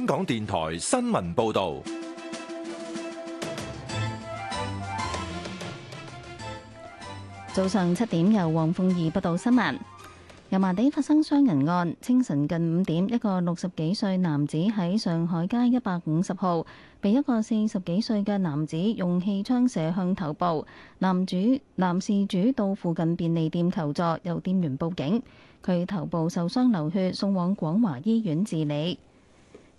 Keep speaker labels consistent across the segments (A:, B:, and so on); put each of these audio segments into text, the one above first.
A: 香
B: 港電台新聞報道，
A: 早上七點由黃鳳儀報道新聞。油麻地發生傷人案，清晨近五點，一個六十幾歲男子喺上海街一百五十號被一個四十幾歲嘅男子用氣槍射向頭部。男主男事主到附近便利店求助，有店員報警。佢頭部受傷流血，送往廣華醫院治理。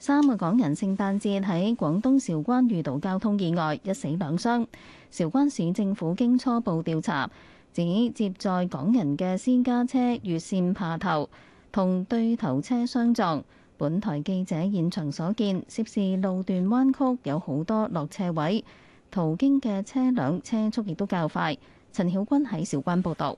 A: 三個港人聖誕節喺廣東韶關遇到交通意外，一死兩傷。韶關市政府經初步調查，指接載港人嘅私家車越線爬頭同對頭車相撞。本台記者現場所見，涉事路段彎曲，有好多落車位，途經嘅車輛車速亦都較快。陳曉君喺韶關報導。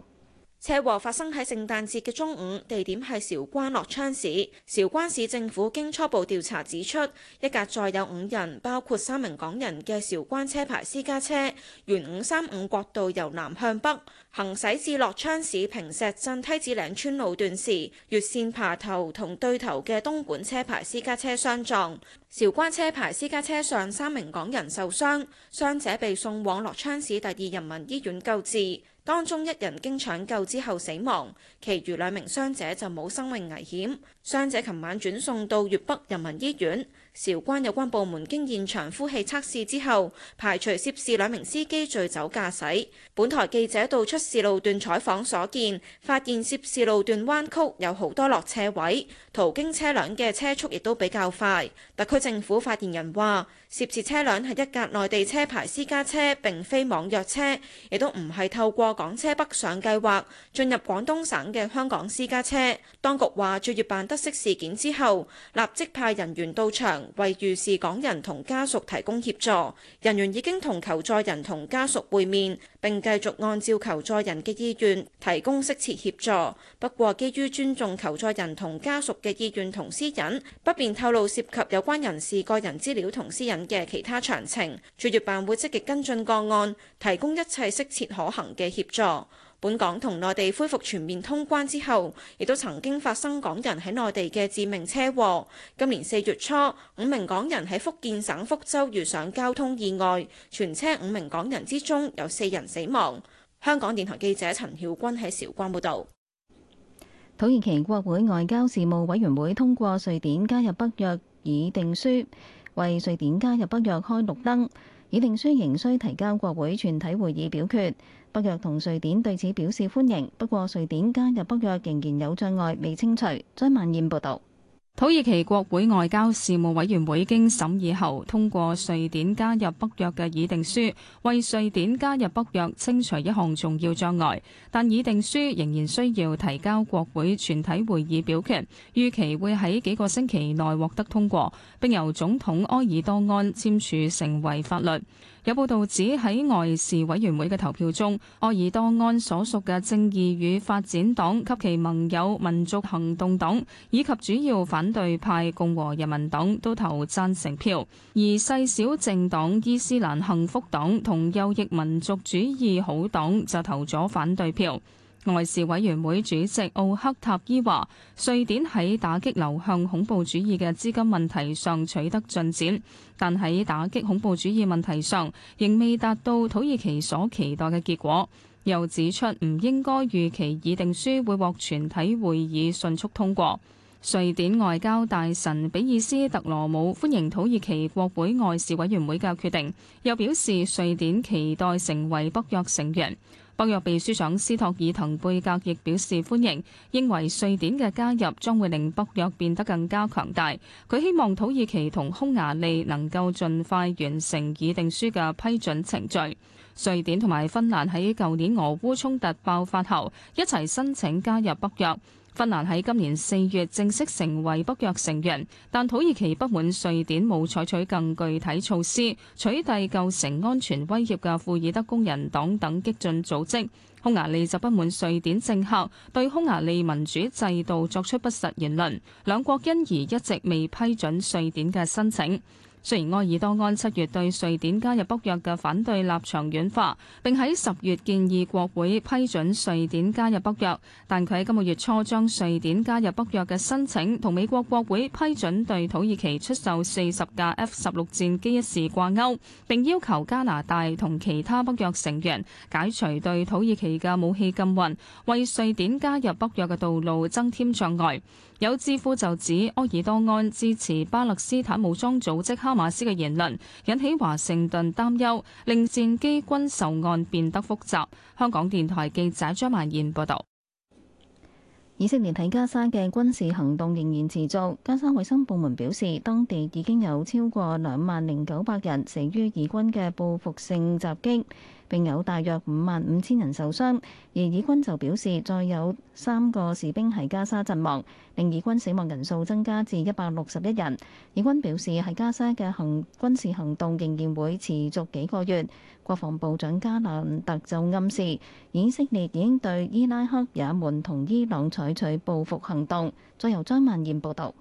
B: 車禍發生喺聖誕節嘅中午，地點係韶關樂昌市。韶關市政府經初步調查指出，一架載有五人，包括三名港人嘅韶關車牌私家車，沿五三五國道由南向北行駛至樂昌市坪石鎮梯子嶺村路段時，越線爬頭同對頭嘅東莞車牌私家車相撞。韶關車牌私家車上三名港人受傷，傷者被送往樂昌市第二人民醫院救治。當中一人經搶救之後死亡，其餘兩名傷者就冇生命危險。傷者琴晚轉送到粵北人民醫院。韶關有關部門經現場呼氣測試之後，排除涉事兩名司機醉酒駕駛。本台記者到出事路段採訪所見，發現涉事路段彎曲，有好多落斜位，途經車輛嘅車速亦都比較快。特區政府發言人話。涉事車輛係一架內地車牌私家車，並非網約車，亦都唔係透過港車北上計劃進入廣東省嘅香港私家車。當局話駐粵辦得悉事件之後，立即派人員到場為遇事港人同家屬提供協助。人員已經同求助人同家屬會面，並繼續按照求助人嘅意願提供適切協助。不過，基於尊重求助人同家屬嘅意願同私隱，不便透露涉及有關人士個人資料同私隱嘅其他詳情，駐粵辦會積極跟進個案，提供一切適切可行嘅協助。本港同內地恢復全面通關之後，亦都曾經發生港人喺內地嘅致命車禍。今年四月初，五名港人喺福建省福州遇上交通意外，全車五名港人之中有四人死亡。香港電台記者陳曉君喺韶關報導。
A: 土耳其國會外交事務委員會通過瑞典加入北約議定書。為瑞典加入北約開綠燈，議定書仍需提交國會全體會議表決。北約同瑞典對此表示歡迎，不過瑞典加入北約仍
C: 然有障礙未清除。張萬燕報導。土耳其國會外交事務委員會經審議後通過瑞典加入北約嘅議定書，為瑞典加入北約清除一項重要障礙，但議定書仍然需要提交國會全體會議表決，預期會喺幾個星期內獲得通過，並由總統埃爾多安簽署成為法律。有報道指喺外事委員會嘅投票中，愛爾多安所屬嘅正義與發展黨及其盟友民族行動黨以及主要反對派共和人民黨都投贊成票，而細小政黨伊斯蘭幸福黨同右翼民族主義好黨就投咗反對票。外事委員會主席奧克塔伊話：瑞典喺打擊流向恐怖主義嘅資金問題上取得進展，但喺打擊恐怖主義問題上仍未達到土耳其所期待嘅結果。又指出唔應該預期議定書會獲全體會議迅速通過。瑞典外交大臣比爾斯特羅姆歡迎土耳其國會外事委員會嘅決定，又表示瑞典期待成為北約成員。北約秘書長斯托爾滕貝格亦表示歡迎，認為瑞典嘅加入將會令北約變得更加強大。佢希望土耳其同匈牙利能夠盡快完成議定書嘅批准程序。瑞典同埋芬蘭喺舊年俄烏衝突爆發後一齊申請加入北約。芬蘭喺今年四月正式成為北約成員，但土耳其不滿瑞典冇採取更具體措施取締構成安全威脅嘅庫爾德工人黨等激進組織，匈牙利就不滿瑞典政客對匈牙利民主制度作出不實言論，兩國因而一直未批准瑞典嘅申請。雖然埃爾多安七月對瑞典加入北約嘅反對立場軟化，並喺十月建議國會批准瑞典加入北約，但佢喺今個月初將瑞典加入北約嘅申請同美國國會批准對土耳其出售四十架 F 十六戰機一事掛鈎，並要求加拿大同其他北約成員解除對土耳其嘅武器禁運，為瑞典加入北約嘅道路增添障礙。有知乎就指，柯爾多安支持巴勒斯坦武裝組織哈馬斯嘅言論，引起華盛頓擔憂，令戰機軍售案變得複雜。香港電台記者張曼燕報道，
A: 以色列喺加沙嘅軍事行動仍然持續。加沙衛生部門表示，當地已經有超過兩萬零九百人死於以軍嘅報復性襲擊。並有大約五萬五千人受傷，而以軍就表示再有三個士兵喺加沙陣亡，令以軍死亡人數增加至一百六十一人。以軍表示喺加沙嘅行軍事行動仍然會持續幾個月。國防部長加蘭特就暗示以色列已經對伊拉克、也門同伊朗採
C: 取報復行動。再由張曼燕報導。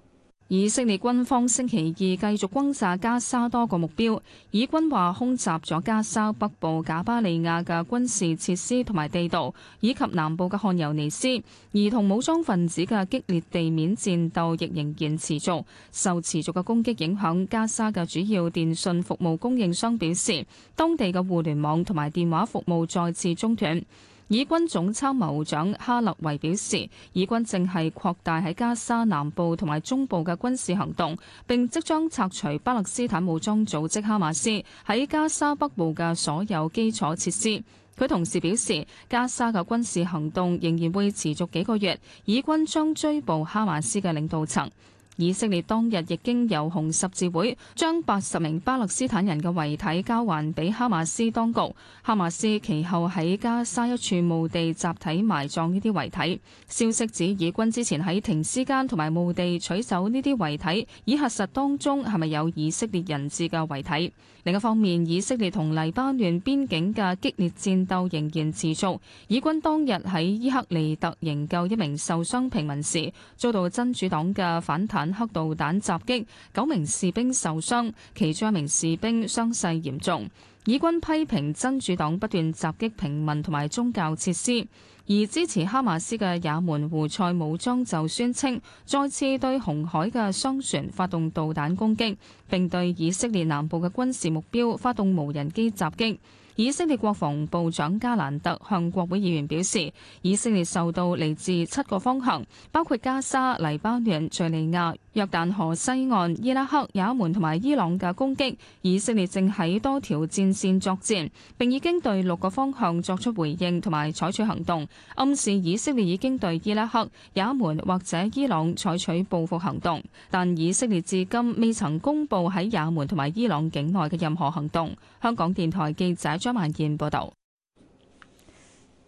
C: 以色列軍方星期二繼續轟炸加沙多個目標，以軍話空襲咗加沙北部賈巴利亞嘅軍事設施同埋地道，以及南部嘅漢尤尼斯。而同武裝分子嘅激烈地面戰鬥亦仍然持續。受持續嘅攻擊影響，加沙嘅主要電信服務供應商表示，當地嘅互聯網同埋電話服務再次中斷。以軍總參謀長哈勒維表示，以軍正係擴大喺加沙南部同埋中部嘅軍事行動，並即將拆除巴勒斯坦武裝組織哈馬斯喺加沙北部嘅所有基礎設施。佢同時表示，加沙嘅軍事行動仍然會持續幾個月，以軍將追捕哈馬斯嘅領導層。以色列當日亦經由紅十字會將八十名巴勒斯坦人嘅遺體交還俾哈馬斯當局，哈馬斯其後喺加沙一處墓地集體埋葬呢啲遺體。消息指，以軍之前喺停屍間同埋墓地取走呢啲遺體，以核實當中係咪有以色列人質嘅遺體。另一方面，以色列同黎巴嫩邊境嘅激烈戰鬥仍然持續，以軍當日喺伊克利特營救一名受傷平民時遭到真主黨嘅反坦克導彈襲擊，九名士兵受傷，其中一名士兵傷勢嚴重。以軍批評真主黨不斷襲擊平民同埋宗教設施。而支持哈馬斯嘅也門胡塞武裝就宣稱，再次對紅海嘅商船發動導彈攻擊，並對以色列南部嘅軍事目標發動無人機襲擊。以色列國防部長加蘭特向國會議員表示，以色列受到嚟自七個方向，包括加沙、黎巴嫩、敘利亞、約旦河西岸、伊拉克、也門同埋伊朗嘅攻擊，以色列正喺多條戰線作戰，並已經對六個方向作出回應同埋採取行動，暗示以色列已經對伊拉克、也門或者伊朗採取報復行動。但以色列至今未曾公布喺也門同埋伊朗境內嘅任何行動。香港電台記者張萬燕報導。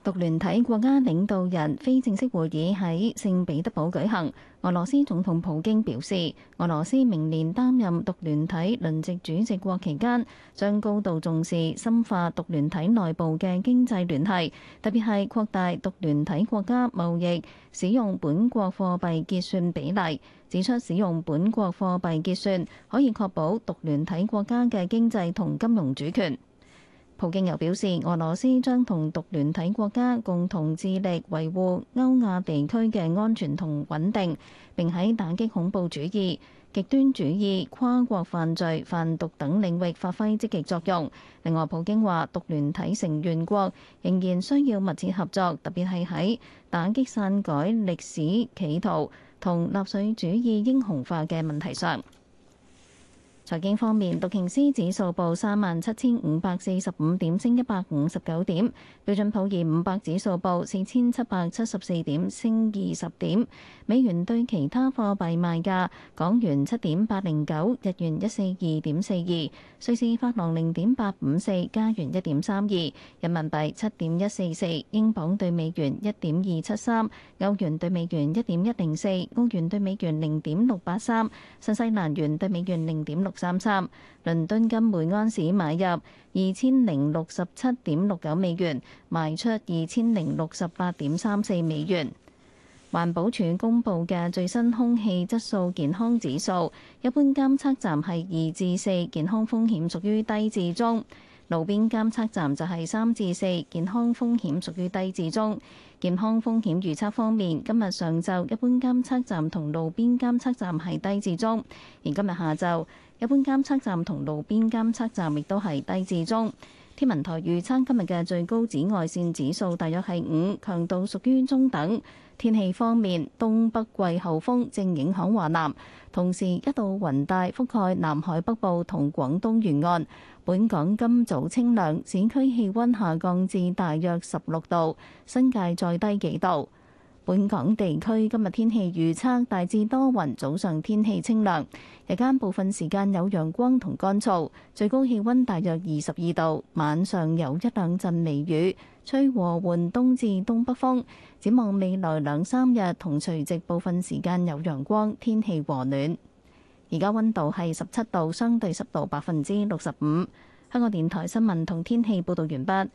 A: 獨聯體國家領導人非正式會議喺聖彼得堡舉行。俄羅斯總統普京表示，俄羅斯明年擔任獨聯體輪值主席國期間，將高度重視深化獨聯體內部嘅經濟聯繫，特別係擴大獨聯體國家貿易，使用本國貨幣結算比例，指出使用本國貨幣結算可以確保獨聯體國家嘅經濟同金融主權。普京又表示，俄羅斯將同獨聯體國家共同致力維護歐亞地區嘅安全同穩定，並喺打擊恐怖主義、極端主義、跨國犯罪、販毒等領域發揮積極作用。另外，普京話，獨聯體成員國仍然需要密切合作，特別係喺打擊篡改歷史企圖同納粹主義英雄化嘅問題上。財經方面，道瓊斯指數報三萬七千五百四十五點，升一百五十九點；標準普爾五百指數報四千七百七十四點，升二十點。美元對其他貨幣賣價，港元七點八零九，日元一四二點四二，瑞士法郎零點八五四，加元一點三二，人民幣七點一四四，英鎊對美元一點二七三，歐元對美元一點一零四，澳元對美元零點六八三，新西蘭元對美元零點六三三，倫敦金每安士買入二千零六十七點六九美元，賣出二千零六十八點三四美元。環保署公布嘅最新空氣質素健康指數，一般監測站係二至四，健康風險屬於低至中。路邊監測站就係三至四，健康風險屬於低至中。健康風險預測方面，今日上晝一般監測站同路邊監測站係低至中，而今日下晝一般監測站同路邊監測站亦都係低至中。天文台預測今日嘅最高紫外線指數大約係五，強度屬於中等。天氣方面，東北季候風正影響華南，同時一道雲帶覆蓋南海北部同廣東沿岸。本港今早清涼，市區氣温下降至大約十六度，新界再低幾度。本港地區今日天氣預測大致多雲，早上天氣清涼，日間部分時間有陽光同乾燥，最高氣温大約二十二度，晚上有一兩陣微雨，吹和緩東至東北風。展望未來兩三日同除夕部分時間有陽光，天氣和暖。而家温度係十七度，相對濕度百分之六十五。香港電台新聞同天氣報導完畢。